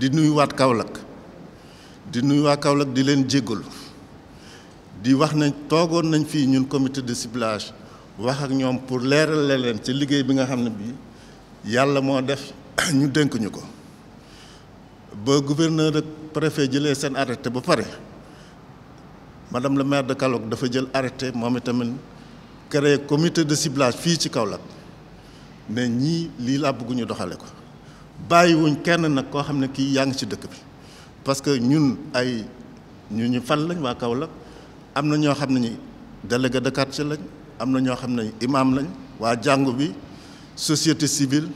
di nuyuwaat Kaolack di nuyu waa Kaolack di leen jéggalu di wax nañ toogoon nañ fii ñun commité de ciblage wax ak ñoom pour leeral leen ci liggéey bi nga xam ne bii yàlla moo def ñu dénk ñu ko ba gouverneur ak préfet jëlee seen arrêté ba pare madame le maire de Kaolack dafa jël arrêté moom itamit créé comité de ciblage fii ci Kaolack ne ñii lii laa bëgg doxale ko bàyyiwuñ kenn nag koo xam ne kii yaa ngi ci dëkk bi parce que ñun ay ñu ñu fan lañ waa kaw Kaolack am na ñoo xam ne ñi délégué de quartier lañ am na ñoo xam ne imaam lañ waa jàngu bi société civile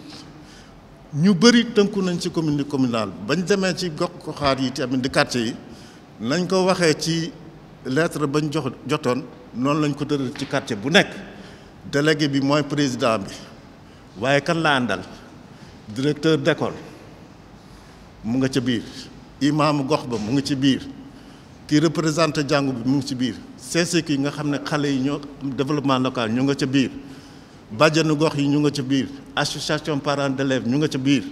ñu bëri tënku nañ ci commune communale bañ demee ci gox goxaat yi tamit di quartier yi nañ ko waxee ci lettre bañ jox jotoon noonu lañ ko tëral ci quartier bu nekk délégué bi mooy président bi waaye kan la àndal directeur d'école mu nga ca biir imaamu gox ba mu nga ca biir ki représenté jàngu bi mu ngi ci biir CCQ yi nga xam ne xale yi ñoo développement local ñu nga ca biir bàjjanu gox yi ñu nga ca biir association parents d'élèves ñu nga ca biir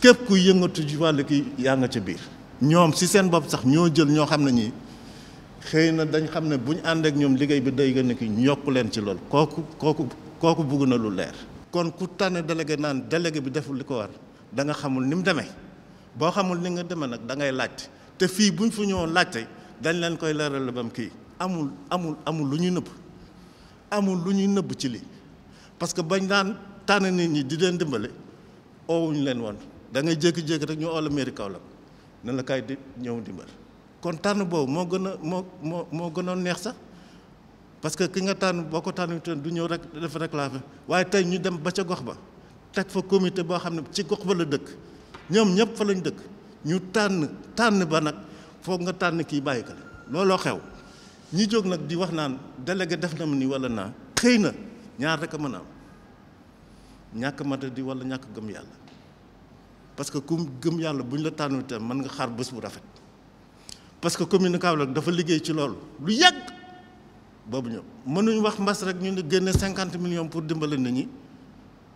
képp ku yëngatu ci wàllu kii yaa nga ca biir ñoom si seen bopp sax ñoo jël ñoo xam na ñi xëy na dañ xam ne bu ñu ànd ñoom liggéey bi day gën a ki ñu yokk leen ci loolu kooku kooku kooku bugg na lu leer. kon ku tànn délégué naan délégué bi deful li ko war da nga xamul ni mu demee boo xamul ni nga demee nag dangay laaj te fii bu ñu fa ñëwoon laajte dañ leen koy leeral bam kii amul amul amul lu ñuy nëbb amul lu ñuy nëbb ci lii parce que bañ daan tànn nit ñi di leen dimbale oowuñu leen woon da ngay jékki-jékki rek ñu oo la mairie ne la kay ñëw dimbal kon tànn boobu moo gën a moo moo moo gënoon neex sax parce que ki nga tànn boo ko tànn du ñëw rek dafa réclamer waaye tey ñu dem ba ca gox ba teg fa comité boo xam ne ci gox ba la dëkk ñoom ñëpp fa lañ dëkk ñu tànn tànn ba nag foog nga tànn kii bàyyi looloo xew ñi jóg nag di wax naan délégué def na mu ni wala naa xëy na ñaar rek a mën a am ñàkk mata di wala ñàkk gëm yàlla parce que ku gëm yàlla bu ñu la tànn itam mën nga xaar bés bu rafet parce que commune Kaolack dafa liggéey ci loolu lu yàgg boobu ñëw mënuñ wax mbas rek ñu génne cinquante millions pour dimbale nit ñi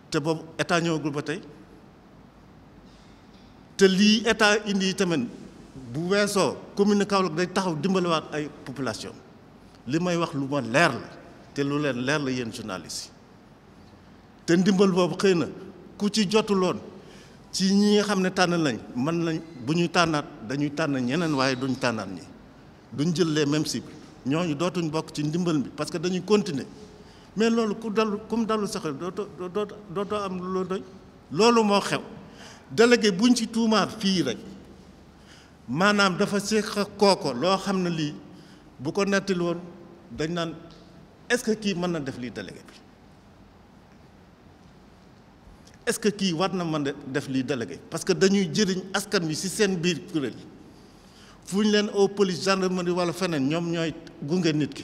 te boobu état ñëwagul ba tey te lii état indi tamit bu weesoo commune Kaolack day taxaw dimbalewaat ay population li may wax lu ma leer la te lu leen leer la yéen journaliste yi te ndimbal boobu xëy na ku ci jotuloon ci ñi nga xam ne tànn lañ man lañ bu ñuy tànnaat dañuy tànn ñeneen waaye duñ tànnaat ñi duñ jël les mêmes cibles ñooñu dootuñ bokk ci ndimbal mi parce que dañuy continuer mais loolu ku dal ku dallu dalul sax dootoo dootoo dootoo am lu loolu moo xew délégué buñ ci tuumaat fii rek maanaam dafa séq kooko loo xam ne lii bu ko nettali woon dañ naan est-ce que kii mën na def lii délégué bi est-ce que kii war na mën a def lii délégué parce que dañuy jëriñ askan wi si seen biir kuréel fu ñu leen au police gendarmerie walla feneen ñoom ñooy gunge nit ki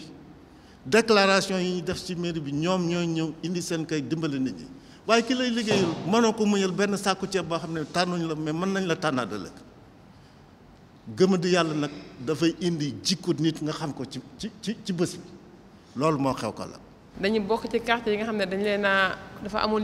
déclaration yi ñu def ci mairie bi ñoom ñooy ñëw indi seen kay dimbali nit ñi waaye ki lay liggéeyul mënoo ko muñal benn sàkku ceeb boo xam ne tànnuñ la mais mën nañ la tànnaa ëllëg gëmadi yàlla nag dafay indi jikko nit nga xam ko ci ci ci ci bés bi loolu moo xew ko la. dañu bokk ci quartier yi nga dañ leen amoon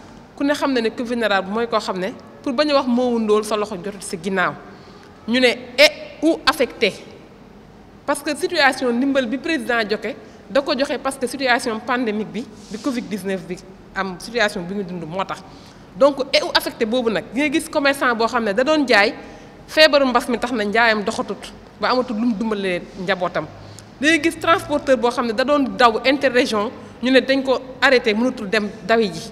ku ne xam ne que vulnérable mooy koo xam ne pour bañ a wax moo wundool sa loxo jotul sa ginnaaw ñu ne et eh, ou affecté parce que situation ndimbal bi président joxe da ko joxe parce que situation pandémique bi bi Covid 19 bi am situation bi ñu dund moo donc et eh, ou affecté boobu nag nga gis commerçant boo xam ne da doon jaay feebaru mbas mi tax na njaayam doxatut ba amatul lu mu dumbalee njabootam. day gis transporteur boo xam ne da doon daw interrégion ñu ne dañ ko arrêté mënatul dem dawi ji.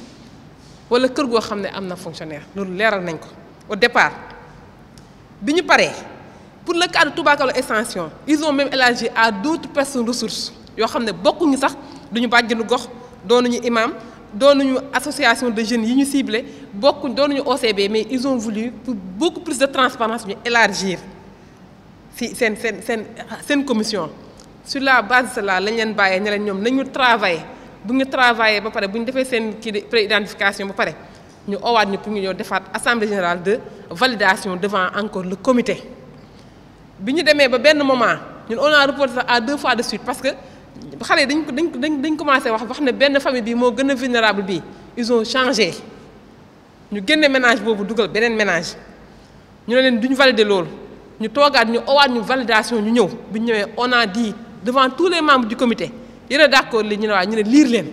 wala kër goo xam fonctionnaires. am na fonctionnaire nañ ko au départ bi ñu pour le cas de Toubacouta extension ils ont même élargi à d'autres personnes ressources yoo xam beaucoup de sax duñu bàjjenu gox doonuñu imam doonuñu association de jeunes yi ñu ciblé bokkuñ doonuñu OCB mais ils ont voulu pour beaucoup plus de transparence élargir cette commission sur la base de cela lañ leen travaillé buñu travailler ba paré buñu défé sen seen pré-identification ba paré ñu owaat ñu pour ñu ñëw assemblée générale de validation devant encore le comité biñu démé ba benn moment ñun on a reporté ça à deux fois de suite parce que xalé dañ ko dañ dañ commencé wax wax né benn famille bi mo gën vulnérable bi ils ont changé ñu gënné ménage bobu duggal beneen ménage ñu ne leen duñu valider lool ñu toogaat ñu owaat ñu validation ñu ñëw bu ñu on a dit devant tous les membres du comité yéen a d'accord li ñu ne waaw ñu ne liir leen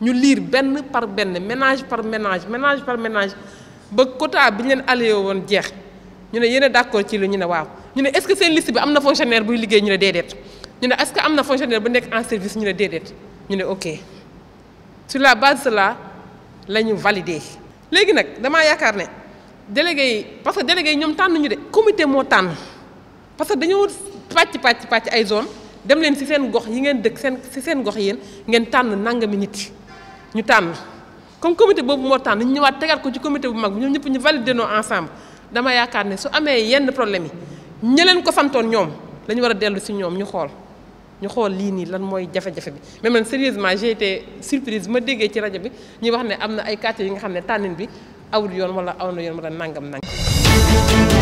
ñu liir benn par benn ménage par ménage ménage par ménage ba quota bi ñu leen alloué woon jeex ñu ne yéen d'accord ci li ñu ne waaw ñu ne est-ce que seen liste bi am na fonctionnaire buy liggéey ñu ne déedéet ñu ne est-ce que am na fonctionnaire bu nekk en service ñu ne déedéet ñu ne ok sur la base cela la ñu validé léegi nag damaa yaakaar ne délégué yi parce que délégué yi ñoom tànn ñu de comité moo tànn parce que dañoo pàcc pàcc pàcc ay zone dem leen ci seen gox yi ngeen dëkk seen ci seen gox yéen ngeen tànn nangami nit ñu tànn comme comité boobu moo tànn ñu ñëwaat tegaat ko ci comité bu mag bi ñoom ñëpp ñu validé noo ensemble dama yaakaar ne su amee yenn problème yi ñëleen ko santoon ñoom dañu war a dellu si ñoom ñu xool ñu xool lii nii lan mooy jafe-jafe bi mais man sérieusement j'ai surprise ma déggee ci rajo bi ñuy wax ne am na ay quartier yi nga xam ne tànnin bi awul yoon wala aw na yoon wala nangam nangam